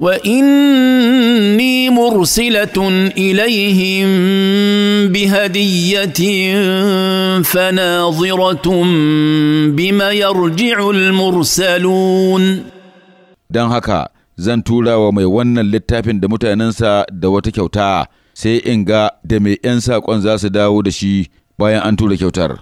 واني مرسله اليهم بهديه فناظره بما يرجع المرسلون don haka zan tura wa mai wannan littafin da mutanensa da wata kyauta sai in ga da mai 'yan saƙon za su dawo da shi bayan an tura kyautar